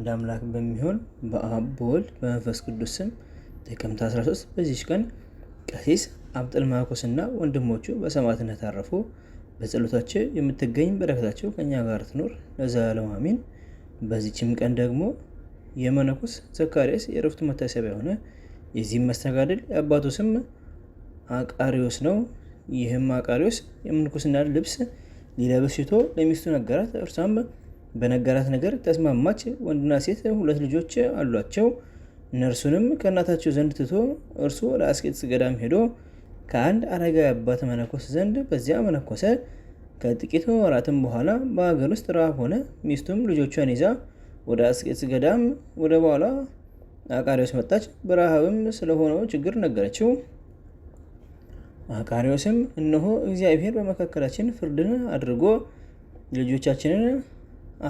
አንድ አምላክ በሚሆን በአብ በወልድ በመንፈስ ቅዱስ ስም ጥቅምት 13 በዚች ቀን ቀሲስ እና ወንድሞቹ በሰማዕትነት አረፉ። በጸሎታቸው የምትገኝ በረከታቸው ከእኛ ጋር ትኖር ለዘላለም አሚን። በዚችም ቀን ደግሞ የመነኮስ ዘካርያስ የዕረፍቱ መታሰቢያ ሆነ። የዚህም መስተጋድል የአባቱ ስም አቃሪዎስ ነው። ይህም አቃሪዎስ የምንኩስና ልብስ ሊለብስ ሽቶ ለሚስቱ ነገራት። እርሷም በነገራት ነገር ተስማማች። ወንድና ሴት ሁለት ልጆች አሏቸው። እነርሱንም ከእናታቸው ዘንድ ትቶ እርሱ ለአስቄጥስ ገዳም ሄዶ ከአንድ አረጋዊ አባት መነኮስ ዘንድ በዚያ መነኮሰ። ከጥቂት ወራትም በኋላ በሀገር ውስጥ ረሃብ ሆነ። ሚስቱም ልጆቿን ይዛ ወደ አስቄጥስ ገዳም ወደ በኋላ አቃሪዎስ መጣች። በረሃብም ስለሆነው ችግር ነገረችው። አቃሪዎስም እነሆ እግዚአብሔር በመካከላችን ፍርድን አድርጎ ልጆቻችንን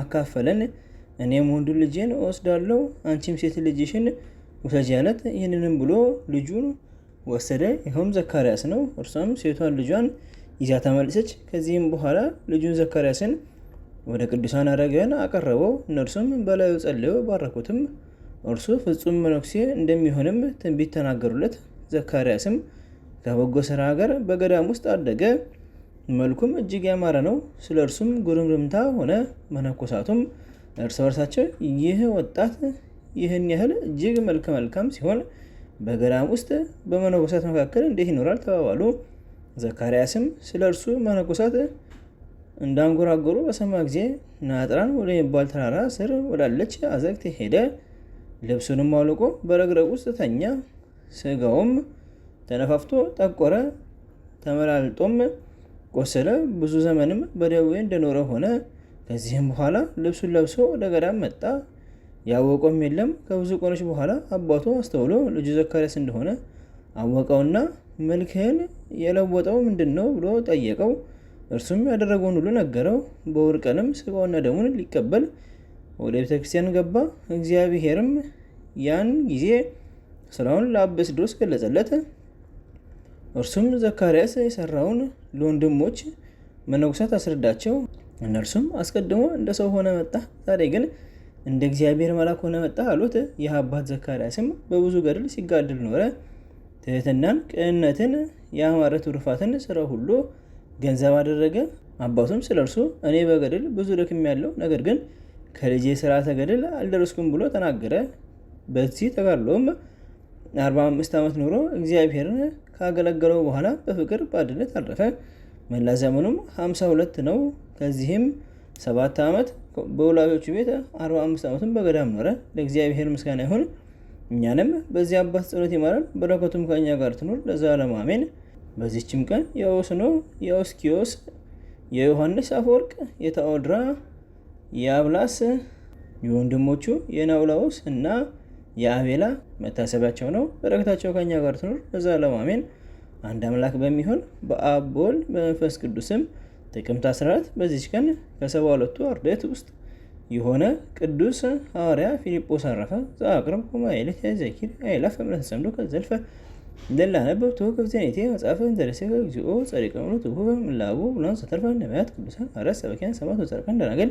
አካፈለን። እኔም ወንዱ ልጄን ወስዳለሁ አንቺም ሴት ልጅሽን ውሰጂ አላት። ይህንንም ብሎ ልጁን ወሰደ። ይኸውም ዘካርያስ ነው። እርሷም ሴቷን ልጇን ይዛ ተመልሰች። ከዚህም በኋላ ልጁን ዘካርያስን ወደ ቅዱሳን አረጋውያን አቀረበው። እነርሱም በላዩ ጸለዩ፣ ባረኩትም። እርሱ ፍጹም መነኩሴ እንደሚሆንም ትንቢት ተናገሩለት። ዘካርያስም ከበጎ ስራ ጋር በገዳም ውስጥ አደገ። መልኩም እጅግ ያማረ ነው። ስለ እርሱም ጉርምርምታ ሆነ። መነኮሳቱም እርስ በርሳቸው ይህ ወጣት ይህን ያህል እጅግ መልከ መልካም ሲሆን በገዳም ውስጥ በመነኮሳት መካከል እንዴት ይኖራል? ተባባሉ። ዘካርያስም ስለ እርሱ መነኮሳት እንዳንጎራጎሩ በሰማ ጊዜ ናጥራን ወደሚባል ተራራ ስር ወዳለች አዘግት ሄደ። ልብሱንም አውልቆ በረግረግ ውስጥ ተኛ። ስጋውም ተነፋፍቶ ጠቆረ። ተመላልጦም ቆሰለ፣ ብዙ ዘመንም በደዌ እንደኖረ ሆነ። ከዚህም በኋላ ልብሱን ለብሶ ወደ ገዳም መጣ። ያወቀውም የለም። ከብዙ ቀኖች በኋላ አባቱ አስተውሎ ልጁ ዘካርያስ እንደሆነ አወቀውና መልክህን የለወጠው ምንድን ነው ብሎ ጠየቀው። እርሱም ያደረገውን ሁሉ ነገረው። በውርቀንም ቀንም ስጋውና ደሙን ሊቀበል ወደ ቤተ ክርስቲያን ገባ። እግዚአብሔርም ያን ጊዜ ስራውን ድሮስ ገለጸለት። እርሱም ዘካርያስ የሰራውን ለወንድሞች መነኮሳት አስረዳቸው። እነርሱም አስቀድሞ እንደ ሰው ሆነ መጣ፣ ዛሬ ግን እንደ እግዚአብሔር መልአክ ሆነ መጣ አሉት። ይህ አባት ዘካርያስም በብዙ ገድል ሲጋድል ኖረ። ትህትናን፣ ቅንነትን፣ የአማረ ትሩፋትን ስራ ሁሉ ገንዘብ አደረገ። አባቱም ስለ እርሱ እኔ በገድል ብዙ ደክም ያለው ነገር ግን ከልጄ ስርዓተ ገድል አልደረስኩም ብሎ ተናገረ። በዚህ ተጋድሎም 45 ዓመት ኑሮ እግዚአብሔርን ካገለገለው በኋላ በፍቅር በአንድነት አረፈ። መላ ዘመኑም 52 ነው። ከዚህም ሰባት ዓመት በወላጆቹ ቤት 45 ዓመቱን በገዳም ኖረ። ለእግዚአብሔር ምስጋና ይሁን፣ እኛንም በዚህ አባት ጸሎት ይማራል፣ በረከቱም ከእኛ ጋር ትኑር ለዘላለሙ አሜን። በዚችም ቀን የኦስኖ፣ የኦስኪዮስ፣ የዮሐንስ አፈወርቅ፣ የታኦድራ፣ የአብላስ፣ የወንድሞቹ የናውላውስ እና የአቤላ መታሰቢያቸው ነው። በረከታቸው ከኛ ጋር ትኑር ለዘላለሙ አሜን። አንድ አምላክ በሚሆን በአብ በወልድ በመንፈስ ቅዱስም ጥቅምት 14 በዚች ቀን ከሰባ ሁለቱ አርድእት ውስጥ የሆነ ቅዱስ ሐዋርያ ፊልጶስ አረፈ። ዘአቅርብ ኮማይልት ዘኪር አይላፍ እምነት ሰምዶ ከዘልፈ ለላ ነበብቶ ከብዘኔቴ መጽሐፈ እንተደሴፈ እግዚኦ ጸሪቀምሎ ትሁበ ምላቡ ብሎን ሰተርፈ ነቢያት ቅዱሳን ሐዋርያት ሰበኪያን ሰማዕታት ወጸርቀ እንደናገል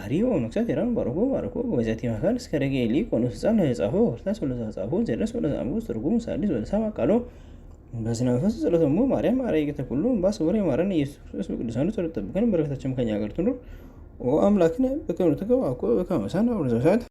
አሪዮ አርዮ ነክሳት ባርኮ ባርኮ በዛቲ መካል እስከ ደጌ ሊ ቆኖስ ህፃን ጻፎ ወርታስ ወለዛ ጻፎ ዘረስ ወለዛ ሙስ ትርጉም ሳዲስ ሳማ ቃሎ በዝና መንፈስ ጸሎተሙ ማርያም ማርያ ጌተ ሁሉ ባስ ወሬ ማረን ኢየሱስ ክርስቶስ ቅዱሳኑ ጸሎት ጠብቀን በረከታችን ከኛ ጋር ትኑር ኦ አምላክነ በከምር ኮ በካመሳን አብረዘሳት